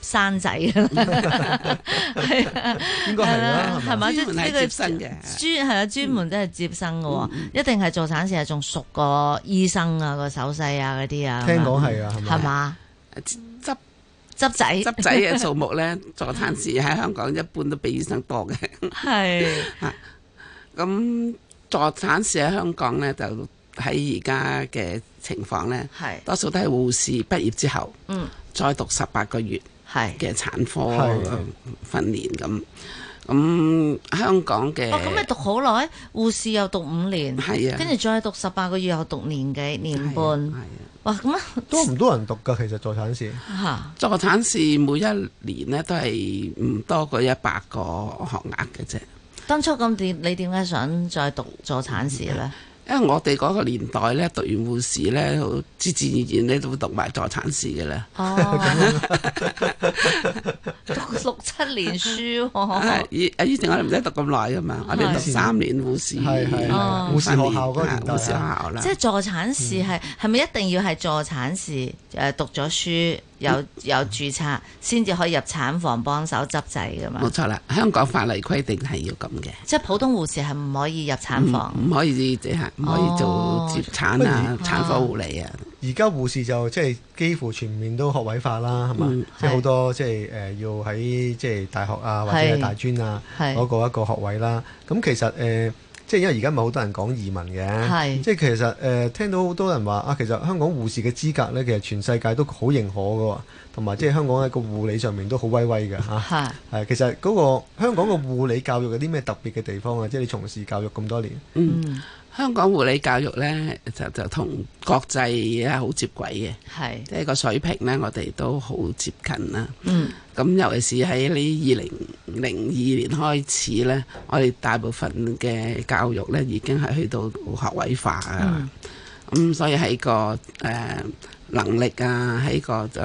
生仔啊，應該係啦，係嘛？專門係接生嘅，專係啊，專門都係接生嘅喎，一定係助產士啊，仲熟過醫生啊，個手勢啊嗰啲啊。聽講係啊，係嘛？係嘛？執執仔，執仔嘅數目咧，助產士喺香港一般都比醫生多嘅。係啊，咁助產士喺香港咧，就喺而家嘅情況咧，係多數都係護士畢業之後，嗯，再讀十八個月。係嘅產科訓練咁，咁的、嗯嗯、香港嘅哦咁你讀好耐，護士又讀五年，係啊的，跟住再讀十八個月又讀年幾年半，係啊，哇咁多唔多人讀噶，其實助產士吓助產士每一年咧都係唔多過一百個學額嘅啫。當初咁點你點解想再讀助產士咧？嗯因為我哋嗰個年代咧，讀完護士咧，自自然然你都會讀埋助產士嘅啦。哦， 讀六七年書，哦啊，以前、啊、我哋唔使讀咁耐噶嘛，的我哋讀三年護士，係係護士學校嗰護、啊、士學校啦。即係助產士係係咪一定要係助產士？誒、嗯，讀咗書。有有註冊先至可以入產房幫手執仔㗎嘛？冇錯啦，香港法例規定係要咁嘅。即係普通護士係唔可以入產房，唔、嗯嗯嗯、可以即係唔可以做接產、哦、啊、產科護理啊。而家護士就即係、就是、幾乎全面都學位化啦，係嘛？即係好多即係誒要喺即係大學啊或者係大專啊攞過一個學位啦。咁其實誒。呃即係因為而家咪好多人講移民嘅，即係係其實誒、呃、聽到好多人話啊，其實香港護士嘅資格咧，其實全世界都好認可㗎，同埋即係香港喺個護理上面都好威威嘅嚇。係係、啊、其實嗰、嗰個香港個護理教育有啲咩特別嘅地方啊？係即係你從事教育咁多年。嗯。香港護理教育呢，就就同國際啊好接軌嘅，係是即係個水平呢，我哋都好接近啦。嗯，咁尤其是喺呢二零零二年開始呢，我哋大部分嘅教育呢已經係去到學位化啊。咁、嗯、所以喺個誒、呃、能力啊，喺個就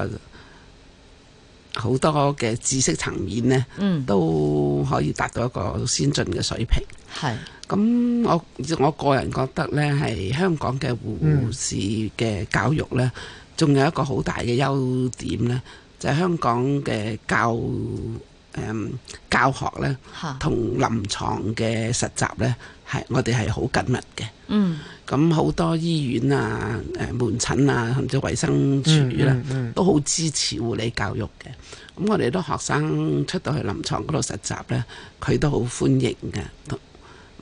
好多嘅知識層面呢，嗯、都可以達到一個先進嘅水平。係。咁我我個人覺得呢，係香港嘅護士嘅教育呢，仲有一個好大嘅優點呢，就係、是、香港嘅教、嗯、教學呢，同臨床嘅實習呢，係我哋係好緊密嘅。嗯，咁好多醫院啊、誒、呃、門診啊，甚至衞生署呢，嗯嗯嗯、都好支持護理教育嘅。咁我哋啲學生出到去臨床嗰度實習呢，佢都好歡迎嘅。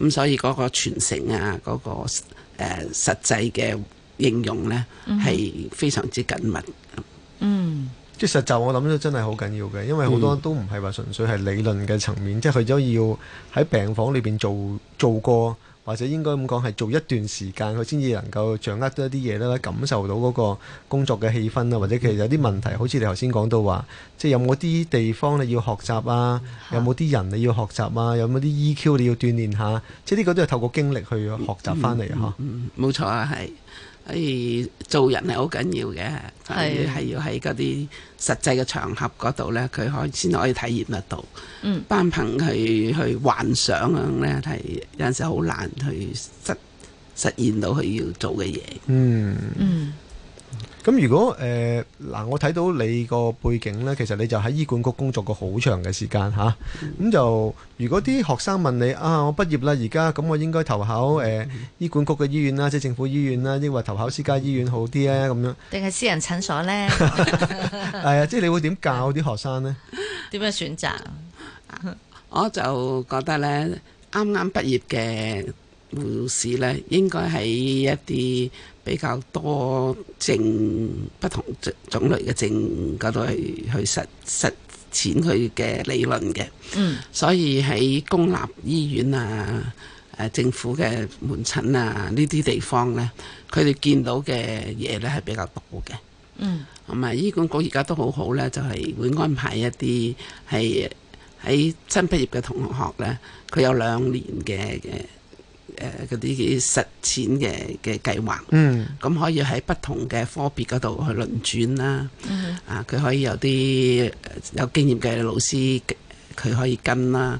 咁所以嗰個傳承啊，嗰、嗰個誒、呃、實際嘅應用咧，係、mm hmm. 非常之緊密。嗯、mm，hmm. 即實習我諗都真係好緊要嘅，因為好多都唔係話純粹係理論嘅層面，mm hmm. 即係去咗要喺病房裏邊做做過。或者應該咁講，係做一段時間佢先至能夠掌握到一啲嘢啦，感受到嗰個工作嘅氣氛啊。或者其實有啲問題，好似你頭先講到話，即係有冇啲地方你要學習啊，有冇啲人你要學習啊，有冇啲 EQ 你要鍛煉下，即係呢個都係透過經歷去學習翻嚟嚇。嗯，嗯，冇錯啊，係。所以做人係好緊要嘅，係要喺嗰啲實際嘅場合嗰度呢，佢可先可以體驗得到。嗯，單憑去去幻想咁咧，係有陣時好難去實實現到佢要做嘅嘢。嗯。嗯。咁如果誒嗱、呃，我睇到你個背景呢，其實你就喺醫管局工作過好長嘅時間嚇，咁、啊、就如果啲學生問你啊，我畢業啦，而家咁我應該投考誒、呃、醫管局嘅醫院啦，即係政府醫院啦，抑或投考私家醫院好啲咧咁樣，定係私人診所呢？係 啊、 哎，即係你會點教啲學生呢？點 樣選擇？ 我就覺得呢，啱啱畢業嘅。護士咧，應該喺一啲比較多症、不同種類嘅症嗰度去去實實踐佢嘅理論嘅。嗯，所以喺公立醫院啊、誒政府嘅門診啊呢啲地方咧，佢哋見到嘅嘢咧係比較多嘅。嗯，咁啊醫管局而家都好好咧，就係會安排一啲係喺新畢業嘅同學咧，佢有兩年嘅嘅。誒啲實踐嘅嘅計劃，咁、嗯、可以喺不同嘅科別嗰度去輪轉啦。嗯、啊，佢可以有啲有經驗嘅老師，佢可以跟啦。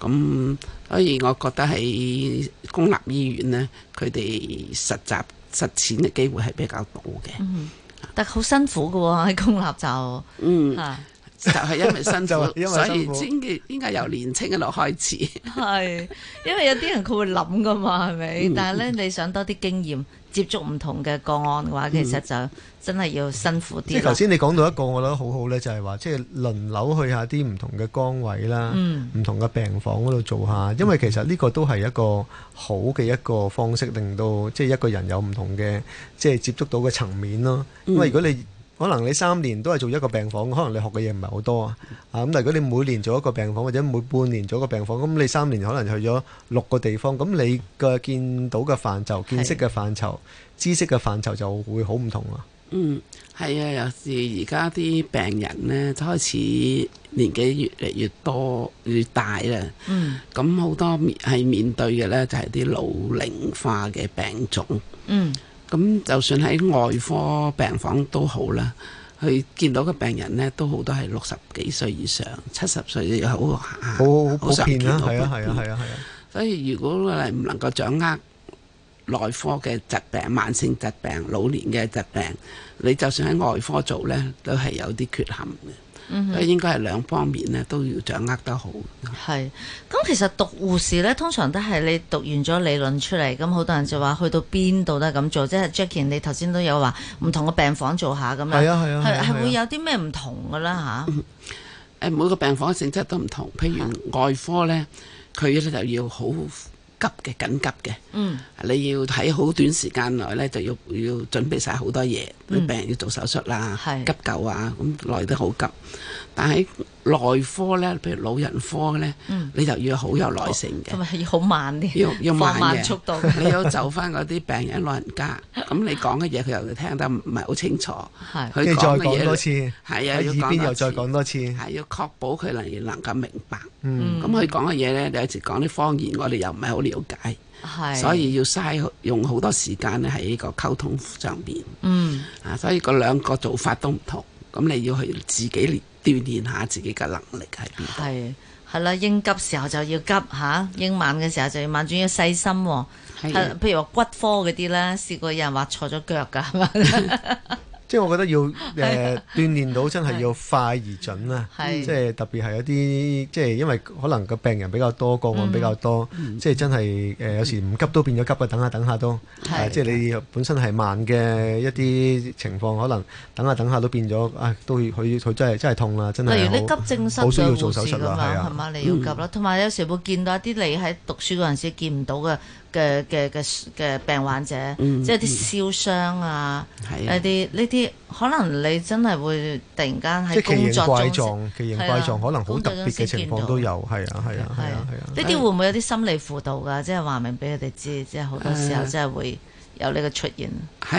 咁、啊、所以我覺得喺公立醫院呢，佢哋實習實踐嘅機會係比較多嘅，嗯。但係好辛苦㗎喎，啊，喺公立就嗯。啊就係因為辛苦，所以應該由年青嗰度開始。係因為有啲人佢會諗噶嘛，係咪？但係咧，你想多啲經驗，接觸唔同嘅個案嘅話，其實就真係要辛苦啲。即係頭先你講到一個我覺得好好咧，就係話即係輪流去下啲唔同嘅崗位啦，唔同嘅病房嗰度做下。因為其實呢個都係一個好嘅一個方式，令到即係一個人有唔同嘅即係接觸到嘅層面咯。因為如果你可能你三年都係做一個病房，可能你學嘅嘢唔係好多啊！啊咁，但如果你每年做一個病房，或者每半年做一個病房，咁你三年可能去咗六個地方，咁你嘅見到嘅範疇、見識嘅範疇、是知識嘅範疇就會好唔同、嗯、啊！嗯，係啊，尤其而家啲病人呢，開始年紀越嚟越多、越大啦。嗯，咁好多面係面對嘅呢，就係、是、啲老齡化嘅病種。嗯。咁就算喺外科病房都好啦，佢見到嘅病人呢，都好多係六十幾歲以上、七十歲又好，好好普遍啦，係啊係啊係啊係啊，所以如果你唔能夠掌握內科嘅疾病、慢性疾病、老年嘅疾病，你就算喺外科做呢，都係有啲缺陷嘅。都應該係兩方面咧，都要掌握得好。係，咁其實讀護士咧，通常都係你讀完咗理論出嚟，咁好多人就話去到邊度都係咁做，即係 Jackie，你頭先都有話唔同嘅病房做下咁樣，係啊係啊，係係、啊啊啊、會有啲咩唔同㗎啦吓？誒、啊啊、每個病房嘅性質都唔同，譬如外科咧，佢咧就要好，急嘅緊急嘅，嗯，你要喺好短時間內咧，就要要準備晒好多嘢，嗯、病人要做手術啦，啊，是急救啊，咁來得好急，但係。內科咧，譬如老人科咧，你就要好有耐性嘅，係咪要好慢啲，要要放慢速度。你要遷就嗰啲病人老人家，咁你講嘅嘢佢又聽得唔係好清楚，佢即再講多次，喺耳邊又再講多次，係要確保佢能能夠明白。咁佢講嘅嘢咧，有時講啲方言，我哋又唔係好了解，所以要嘥用好多時間喺呢個溝通上邊。啊，所以嗰兩個做法都唔同，咁你要去自己練。鍛鍊下自己嘅能力喺邊？係係啦，應急時候就要急嚇，啊，應慢嘅時候就要慢，仲要細心，啊。係，的譬如話骨科嗰啲啦，試過有人畫錯咗腳㗎。 即係我覺得要誒鍛鍊到真係要快而準啊，即係特別係一啲即係因為可能個病人比較多，個案比較多，即係真係誒有時唔急都變咗急啊！等下等下都，即係你本身係慢嘅一啲情況，可能等下等下都變咗啊！都佢佢真係真係痛啦，真係例如你急症室好需要做手術嘅護士嘛，係嘛你要急啦，同埋有時會見到一啲你喺讀書嗰陣時見唔到嘅。嘅嘅嘅嘅病患者，嗯、即係啲燒傷啊，一啲呢啲可能你真係會突然間喺工作中奇形怪狀，奇形怪狀、啊、可能好特別嘅情況都有，係啊係啊係啊係啊，呢啲、啊啊啊啊、會唔會有啲心理輔導㗎？即係話明俾佢哋知，即係好多時候即係會。有呢個出現喺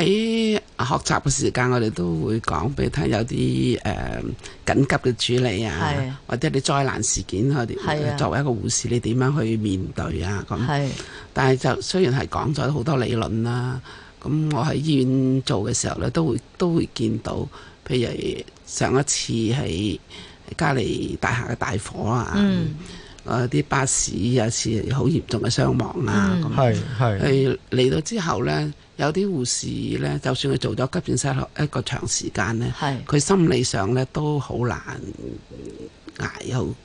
學習嘅時間，我哋都會講俾佢聽，有啲誒緊急嘅處理啊，啊或者啲災難事件啊，啲作為一個護士，你點樣去面對啊？咁，啊、但係就雖然係講咗好多理論啦、啊，咁我喺醫院做嘅時候咧，都會都會見到，譬如上一次喺嘉利大廈嘅大火啊。嗯啊！啲、呃、巴士有次好嚴重嘅傷亡啊！咁係係，嚟樣到之後呢，有啲護士呢，就算佢做咗急症室一個長時間呢，佢是心理上呢都好難捱，好有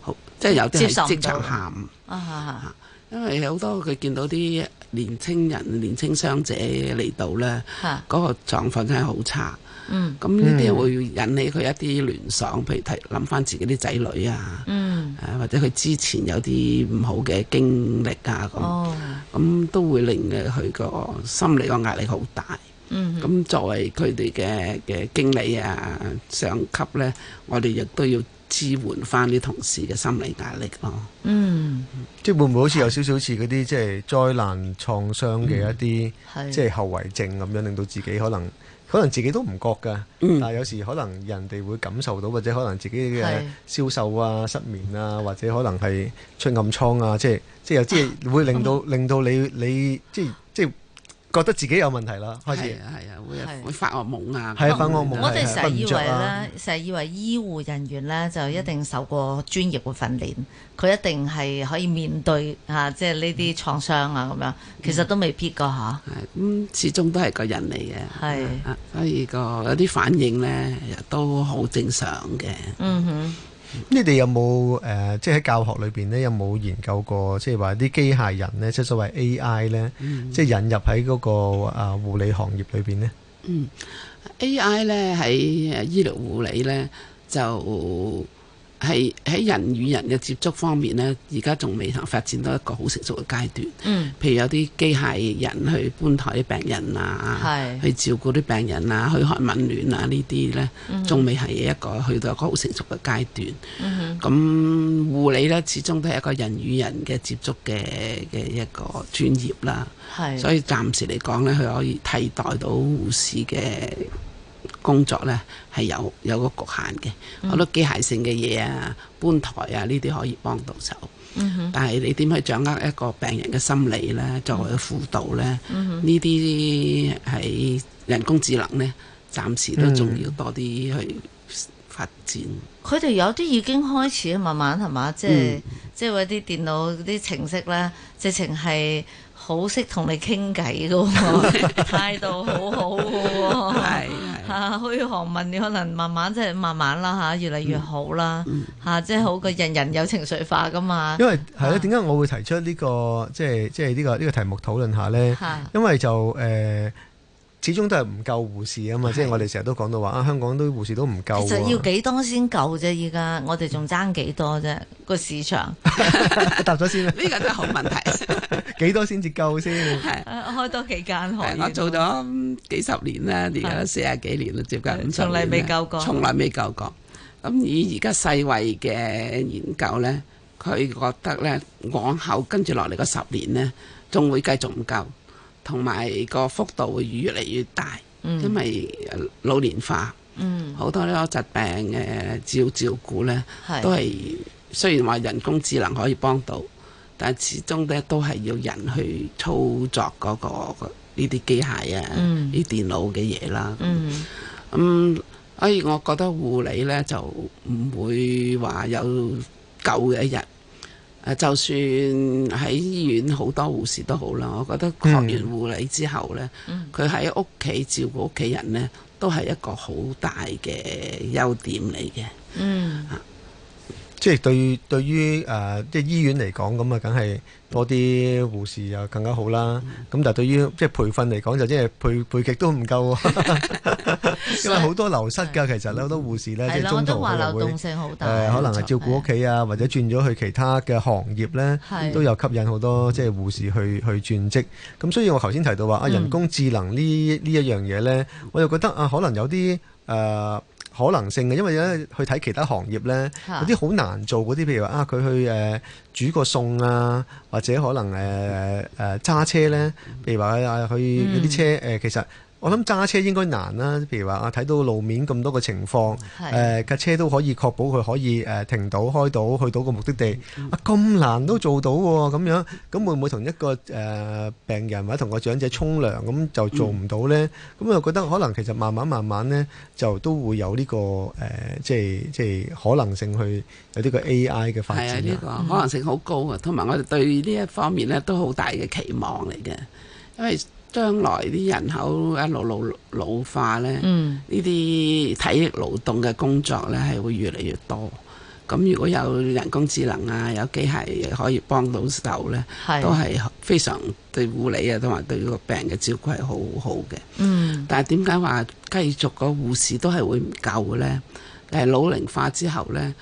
好即係有啲係即場喊，因為好多佢見到啲年青人、年青傷者嚟到呢，嗰個狀況真係好差。嗯，咁呢啲會引起佢一啲聯想，譬如提諗翻自己啲仔女啊，嗯，或者佢之前有啲唔好嘅經歷啊，咁、哦，咁都會令佢個心理個壓力好大。嗯哼，咁作為佢哋嘅嘅經理啊，上級呢，我哋亦都要支援翻啲同事嘅心理壓力咯、啊。嗯，即係會唔會好似有少少似嗰啲即係災難創傷嘅一啲，即係後遺症咁樣，嗯、令到自己可能。可能自己都唔覺㗎，但係有時可能人哋會感受到，或者可能自己嘅消瘦啊、失眠啊，或者可能係出暗瘡啊，即係即係即係會令到令到你你即係。覺得自己有問題囉，開始係啊，會發噩夢啊，係啊，發噩夢、啊，我哋成日以為咧，成日、啊、以為醫護人員咧、嗯、就一定受過專業嘅訓練，佢、嗯、一定係可以面對吓，即係呢啲創傷啊咁樣，其實都未必噶吓。係、啊，咁、嗯、始終都係個人嚟嘅，係、啊，所以個有啲反應咧都好正常嘅。嗯哼。你哋有冇誒、呃，即係喺教學裏邊咧，有冇研究過，即係話啲機械人咧，即係所謂 AI 咧，嗯、即係引入喺嗰、嗰個啊、呃、護理行業裏邊呢？嗯，AI 咧喺醫療護理咧就。係喺人與人嘅接觸方面呢，而家仲未能發展到一個好成熟嘅階段。嗯。譬如有啲機械人去搬抬啲病人啊，係是去照顧啲病人啊，去噓寒問暖啊呢啲呢，仲未係一個去到一個好成熟嘅階段。咁、嗯、哼護理呢，始終都係一個人與人嘅接觸嘅嘅一個專業啦。是所以暫時嚟講呢，佢可以替代到護士嘅工作呢係有有個局限嘅，好、嗯、多機械性嘅嘢啊、搬台啊呢啲可以幫到手，嗯、哼但係你點去掌握一個病人嘅心理呢？作為輔導呢，呢啲係人工智能呢，暫時都仲要多啲去發展。佢哋、嗯嗯、有啲已經開始慢慢係嘛，即係即係話啲電腦啲程式呢，直情係。 好識同你傾偈噶，態度好好噶，係係吓噓寒問，你可能慢慢即係慢慢啦吓，越嚟越好啦吓，即係、嗯啊就是、好過人人有情緒化噶嘛。因為係啦，點解、啊、我會提出呢、這個即係即係呢個呢、這個題目討論下咧？是因為就誒。呃始終都係唔夠護士啊嘛，即係我哋成日都講到話啊，香港啲護士都唔夠。其實要幾多先夠啫？依家我哋仲爭幾多啫？個市場答咗先。呢個真係好問題。幾多先至夠先？係開多幾間學院？我做咗幾十年啦，而家四十幾年啦，接近五十年。從嚟未夠過，從嚟未夠過。咁以而家世衛嘅研究呢，佢覺得呢，往後跟住落嚟個十年呢，仲會繼續唔夠。同埋個幅度會越嚟越大，嗯、因為老年化，好、嗯、多呢個疾病嘅照照顧呢，是都係雖然話人工智能可以幫到，但始終呢都係要人去操作嗰、嗰個呢啲機械啊，呢、嗯、電腦嘅嘢啦。咁、嗯嗯、所以我覺得護理呢，就唔會話有舊嘅一日。誒，就算喺醫院好多護士都好啦，我覺得學完護理之後呢，佢喺屋企照顧屋企人呢，都係一個好大嘅優點嚟嘅。嗯。即係對對於誒，即係醫院嚟講，咁啊，梗係多啲護士又更加好啦。咁但係對於即係培訓嚟講，就即係培培極都唔夠，因為好多流失㗎。其實好多護士咧，即係中途就會誒，可能係照顧屋企啊，或者轉咗去其他嘅行業咧，都有吸引好多即係護士去去轉職。咁所以我頭先提到話啊，人工智能呢呢一樣嘢咧，我就覺得啊，可能有啲誒。可能性嘅，因為咧去睇其他行業咧，有啲好難做嗰啲，譬如話啊，佢去誒煮個餸啊，或者可能誒誒揸車咧，譬如話佢啊去嗰啲車誒，嗯、其實。我諗揸車應該難啦，譬如話啊，睇到路面咁多嘅情況，誒架的、呃、車都可以確保佢可以誒停到開到去到個目的地，啊咁難都做到喎、啊，咁樣，咁會唔會同一個誒、呃、病人或者同個長者沖涼咁就做唔到呢？咁我、嗯、覺得可能其實慢慢慢慢呢，就都會有呢、這個誒、呃，即係即係可能性去有呢個 AI 嘅發展呢、啊這個可能性好高啊，同埋、嗯、我哋對呢一方面呢，都好大嘅期望嚟嘅，因為。將來啲人口一路路老化咧，呢啲、嗯、體力勞動嘅工作呢係會越嚟越多。咁如果有人工智能啊，有機械可以幫到手呢，是都係非常對護理啊，同埋對個病人嘅照顧係好好嘅。嗯、但係點解話繼續個護士都係會唔夠嘅咧？誒、就係，老齡化之後呢，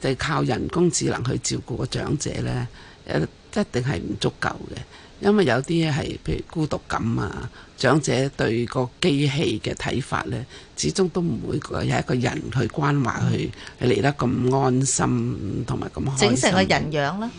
就靠人工智能去照顧個長者呢，一定係唔足夠嘅。因為有啲嘢，係譬如孤獨感啊。長者對個機器嘅睇法咧，始終都唔會有一個人去關懷，去嚟得咁安心同埋咁開心。整成個人樣咯，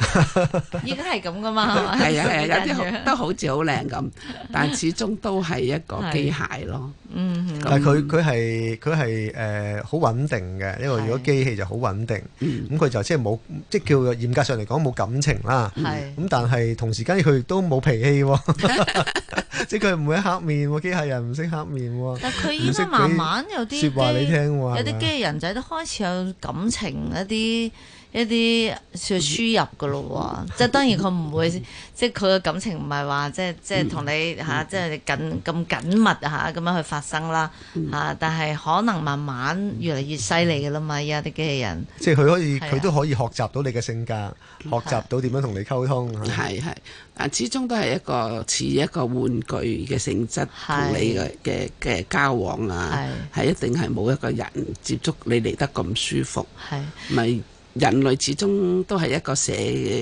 依家係咁噶嘛？係啊係啊，有啲都好似好靚咁，但係始終都係一個機械咯。嗯，但係佢佢係佢係誒好穩定嘅，因為如果機器就好穩定，咁佢就即係冇，即係叫嚴格上嚟講冇感情啦。係咁，但係同時間佢亦都冇脾氣喎。即佢唔會黑面喎，機械人唔識黑面喎。但係佢依家慢慢有啲說話你聽 吧有啲機器人仔都開始有感情一啲。一啲算輸入㗎咯喎，即係當然佢唔會，即係佢嘅感情唔係話即係即係同你吓，即係緊咁緊密吓咁樣去發生啦吓、啊。但係可能慢慢越嚟越犀利㗎啦嘛，而家啲機器人，即係佢可以佢都、啊、可以學習到你嘅性格，學習到點樣同你溝通。係係、啊，但始終都係一個似一個玩具嘅性質同你嘅嘅嘅交往啊，係是是一定係冇一個人接觸你嚟得咁舒服，係咪？是？是人類始終都係一個社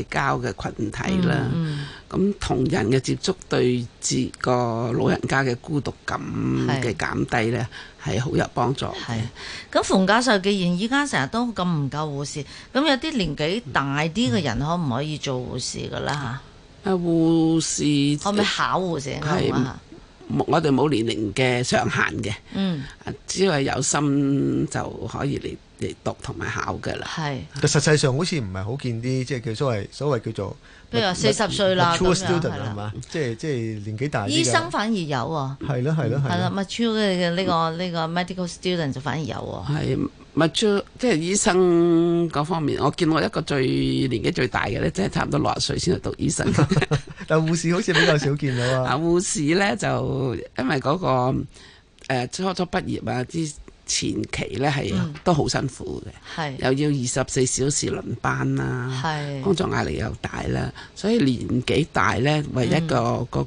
交嘅群體啦，咁同、嗯、人嘅接觸對接個老人家嘅孤獨感嘅減低呢，係好是有幫助。係，咁馮教授既然依家成日都咁唔夠護士，咁有啲年紀大啲嘅人可唔可以做護士噶啦？嚇、啊，啊護士可唔可以考護士是啊？我哋冇年齡嘅上限嘅，嗯，只要係有心就可以嚟。嚟讀同埋考嘅啦，係，但實際上好似唔係好見啲，即係佢所謂所謂叫做，譬如四十歲啦 mature student 咁樣係嘛，即係即係年紀大啲。醫生反而有喎，係咯係咯係咯 mature 嘅呢個呢、這個、這個、medical student 就反而有喎，係 mature 即係醫生嗰方面，我見我一個最年紀最大嘅咧，即係差唔多六十歲先去讀醫生，但護士好似比較少見到喎。啊，護士咧就因為嗰、那個、呃呃、初初畢業啊啲。前期咧係、嗯、都好辛苦嘅，是又要二十四小時輪班啦，是工作壓力又大啦，所以年紀大咧，唯一,一個嗰、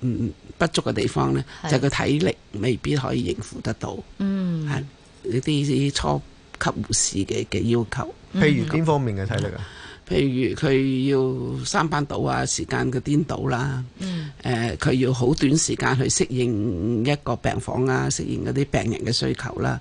嗯、個不足嘅地方咧，是就係個體力未必可以應付得到。嗯，係呢啲初級護士嘅嘅要求。譬、嗯、如邊方面嘅體力啊？嗯譬如佢要三班倒啊，時間嘅顛倒啦，嗯，誒、呃，佢要好短時間去適應一個病房啊，適應嗰啲病人嘅需求啦。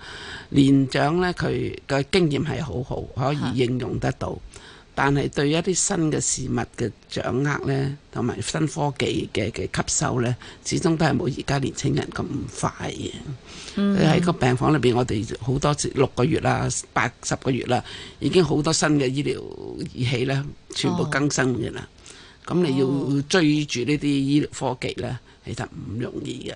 年長咧，佢嘅經驗係好好，可以應用得到。啊。但係對一啲新嘅事物嘅掌握呢，同埋新科技嘅嘅吸收呢，始終都係冇而家年青人咁快嘅。喺、mm hmm. 個病房裏邊，我哋好多六個月啦、八十個月啦，已經好多新嘅醫療儀器呢，全部更新嘅啦。咁、oh. 你要追住呢啲醫療科技呢，其實唔容易嘅。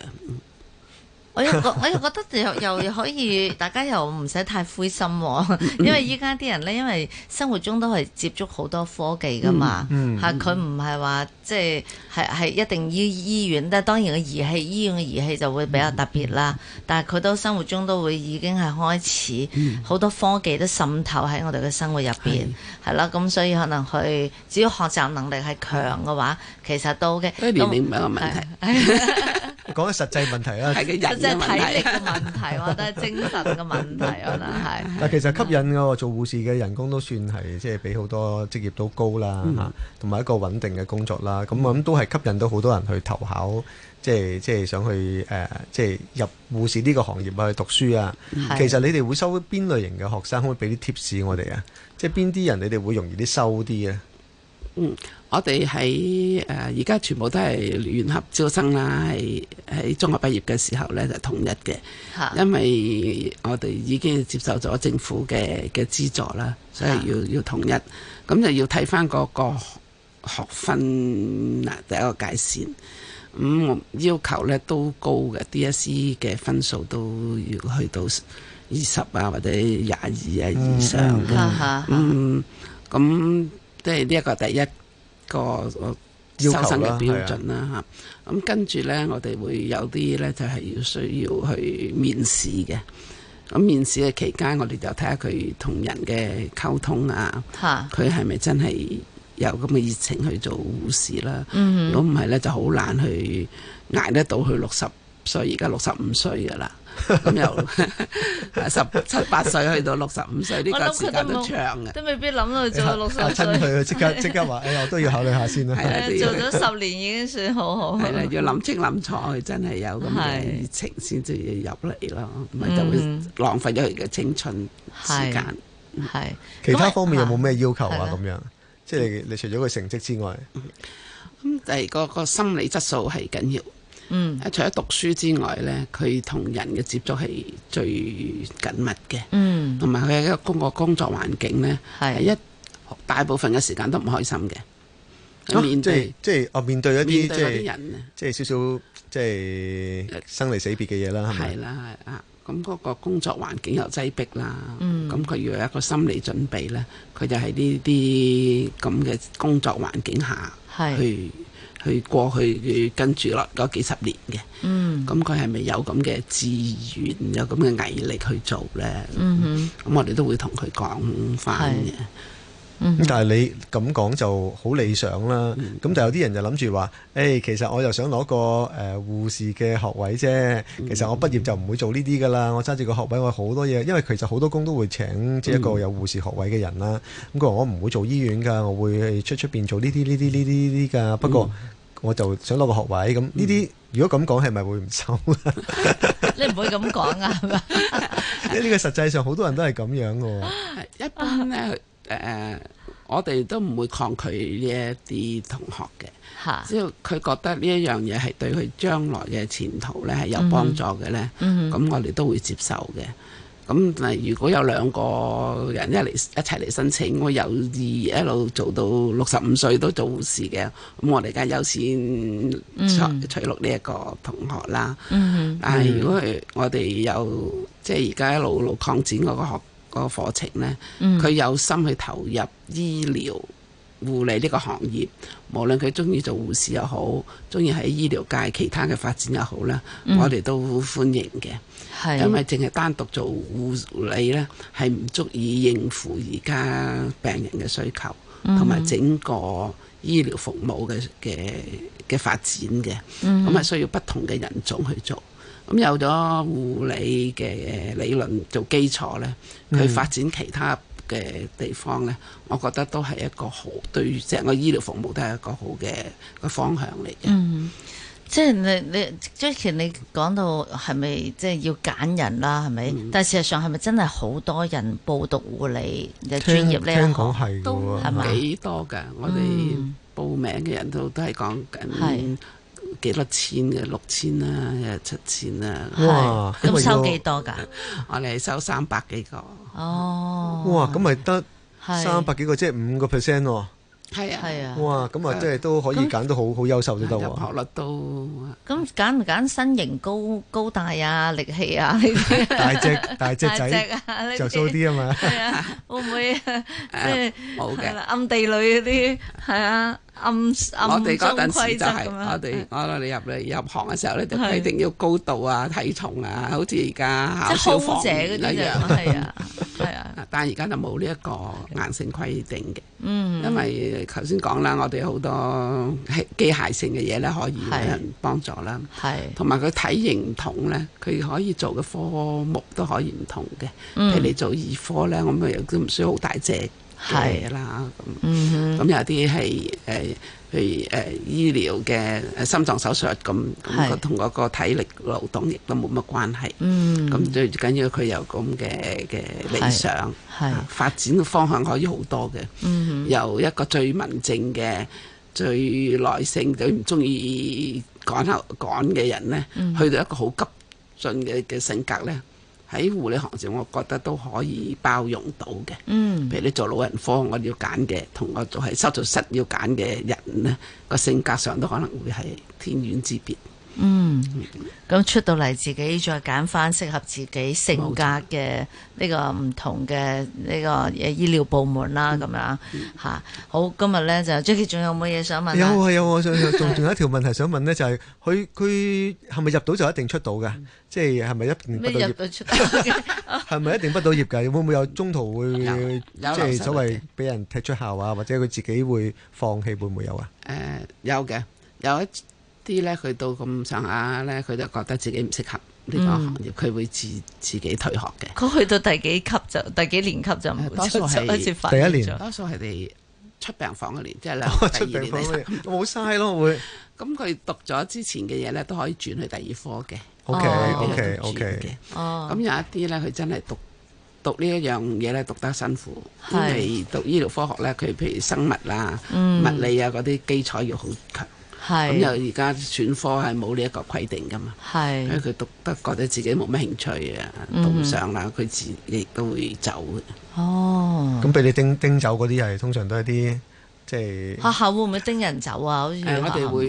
我又我我又覺得 又又可以大家又唔使太灰心喎，因為依家啲人咧，因為生活中都係接觸好多科技噶嘛，嚇佢唔係話即係係係一定要醫院，但當然個儀器醫院嘅儀器就會比較特別啦， 但係佢都生活中都會已經係開始好多科技都滲透喺我哋嘅生活入邊，係啦，咁所以可能佢只要學習能力係強嘅話，其實都 OK。明唔明個問題？講下 實際問題啊。 即係體力嘅問題，或者係精神嘅問題，可能係。但其實吸引我，做護士嘅人工都算係，即係比好多職業都高啦，吓、嗯啊，同埋一個穩定嘅工作啦。咁我諗都係吸引到好多人去投考，即係即係想去誒、呃，即係入護士呢個行業去讀書啊。嗯、其實你哋會收邊類型嘅學生，可唔可以俾啲 tips 我哋啊？即係邊啲人你哋會容易啲收啲啊？嗯，我哋喺誒而家全部都係聯合招生啦，係喺中學畢業嘅時候咧就統一嘅，因為我哋已經接受咗政府嘅嘅資助啦，所以要要統一，咁就要睇翻嗰個學，學分嗱第一個界線，咁、嗯、要求咧都高嘅，DSE 嘅分數都要去到二十啊或者廿二啊以上嘅，嗯咁。即係呢一個第一個我收生嘅標準啦嚇，咁跟住咧，我哋會有啲咧就係要需要去面試嘅。咁面試嘅期間，我哋就睇下佢同人嘅溝通啊，佢係咪真係有咁嘅熱情去做護士啦？嗯，如果唔係咧，就好難去捱得到佢六十歲，而家六十五歲噶啦。咁又十七八歲去到六十五歲，呢個時間都長嘅， 都未必諗到做到六十五歲。下親佢即刻即 刻話，哎呀，我都要考慮下先啦。係 做咗十年已經算好好。係啦， 要諗清諗楚，真係有咁嘅熱情先至入嚟咯，咪是就會浪費咗佢嘅青春時間。係其他方面有冇咩要求啊？咁樣，即係你，你除咗個成績之外，咁第個個心理質素係緊要。嗯，除咗讀書之外呢，佢同人嘅接觸係最緊密嘅。嗯，同埋佢喺一個工個工作環境呢，係一大部分嘅時間都唔開心嘅。面對即係我面對一啲即係人即係少少即係生離死別嘅嘢啦，係咪？係啦、嗯，啊，咁嗰個工作環境又擠迫啦，咁佢、嗯、要有一個心理準備呢，佢就喺呢啲咁嘅工作環境下去。嗯佢過去佢跟住落嗰幾十年嘅，咁佢係咪有咁嘅資源，有咁嘅毅力去做呢？咁我哋都會同佢講翻嘅。咁但係你咁講就好理想啦。咁但係有啲人就諗住話，誒，其實我又想攞個誒護士嘅學位啫。其實我畢業就唔會做呢啲噶啦。我揸住個學位，我好多嘢，因為其實好多工都會請即係一個有護士學位嘅人啦。咁佢話：我唔會做醫院噶，我會去出出面做呢啲呢啲呢啲呢啲噶。不過我就想攞個學位咁，呢啲、嗯、如果咁講係咪會唔收？ 你唔會咁講啊？ 因為呢個實際上好多人都係咁樣喎。一般咧，誒、呃，我哋都唔會抗拒呢一啲同學嘅，啊、只要佢覺得呢一樣嘢係對佢將來嘅前途咧係有幫助嘅咧，咁、嗯、我哋都會接受嘅。咁嗱，如果有兩個人一嚟一齊嚟申請，我有意一路做到六十五歲都做護士嘅，咁我哋而家優先取錄呢一個同學啦。嗯嗯嗯、但係如果係我哋有即係而家一路路擴展嗰個學嗰個課程呢，佢有心去投入醫療。護理呢個行業，無論佢中意做護士又好，中意喺醫療界其他嘅發展又好啦，嗯、我哋都歡迎嘅。咁咪淨係單獨做護理咧，係唔足以應付而家病人嘅需求，同埋整個醫療服務嘅嘅嘅發展嘅。咁、嗯、啊，需要不同嘅人種去做。咁、啊、有咗護理嘅理論做基礎咧，佢發展其他。嘅地方呢，我覺得都係一個好對整個醫療服務都係一個好嘅個方向嚟嘅。嗯，即係你你 Jackie 你講到係咪即係要揀人啦？係咪？嗯、但係事實上係咪真係好多人報讀護理嘅專業呢？聽講係，都幾多㗎。吧嗯、我哋報名嘅人都都係講緊。幾多千嘅，六千啊？七千啊？哇！咁收幾多噶？我哋收三百幾個。哦。哇！咁咪得三百幾個，即係五個 percent 喎。係啊係啊。哇！咁啊，即係都可以揀到好好優秀都得喎。拍率都。咁揀唔揀身形高高大啊、力氣啊呢啲？大隻大隻仔就粗啲啊嘛。會唔會即係冇嘅暗地裏嗰啲？係啊。暗、就是、我哋嗰陣時就係我哋我哋入嚟入行嘅時候咧，是就規定要高度啊、體重啊，好似而家考消防者嗰隻，係啊，係啊樣。 但係而家就冇呢一個硬性規定嘅，的嗯，因為頭先講啦，我哋好多機械性嘅嘢咧，可以有人幫助啦，係，同埋佢體型唔同咧，佢可以做嘅科目都可以唔同嘅，佢嚟的、嗯、做兒科咧，咁佢都唔需要好大隻。係啦，咁咁、嗯、有啲係誒，譬、呃、如誒、呃、醫療嘅心臟手術咁，同嗰是個體力勞動亦都冇乜關係。咁、嗯、最緊要佢有咁嘅嘅理想，發展嘅方向可以好多嘅。嗯、哼由一個最文靜嘅、最耐性、嗯、哼最唔中意趕後趕嘅人咧、嗯，去到一個好急進嘅嘅性格咧。喺護理行業，我覺得都可以包容到嘅。嗯，譬如你做老人科，我要揀嘅同我做喺手術室要揀嘅人咧，個性格上都可能會係天壤之別。嗯，咁、啊、出到嚟自己再揀翻適合自己性格嘅呢個唔同嘅呢個嘅醫療部門啦、啊，咁樣吓。嗯、好，今日咧就 Jackie，仲有冇嘢想問有、啊？有啊有我仲仲有一條問題想問咧，就係佢佢係咪入到就一定出到噶？嗯、即係係咪一定畢到業？咩入到出？係咪一定畢到業噶？會唔會有中途會即係所謂俾人踢出校啊？或者佢自己會放棄？會唔會有啊？誒，有嘅，有一。啲咧，佢到咁上下咧，佢就覺得自己唔適合呢個行業，佢會自自己退學嘅。佢去到第幾級就第幾年級，就唔多數係第一年，多數係哋出病房嘅年即係兩，第二年。冇嘥咯會。咁佢讀咗之前嘅嘢咧，都可以轉去第二科嘅。O K O K O K。哦。咁有一啲咧，佢真係讀讀呢一樣嘢咧，讀得辛苦，因為讀醫療科學咧，佢譬如生物啦、物理啊，嗰啲基礎要好強。咁又而家選科係冇呢一個規定噶嘛？因為佢讀得覺得自己冇乜興趣啊，讀上啦，佢自亦都會走嘅。哦，咁俾你叮叮走嗰啲係通常都係啲即係學校會唔會叮人走啊？好似我哋會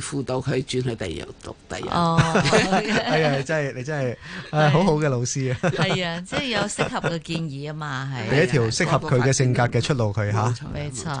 輔導佢轉去第二度讀第二。哦，係啊，真係你真係誒好好嘅老師啊！係啊，即係有適合嘅建議啊嘛，係俾一條適合佢嘅性格嘅出路佢嚇。冇錯，冇錯。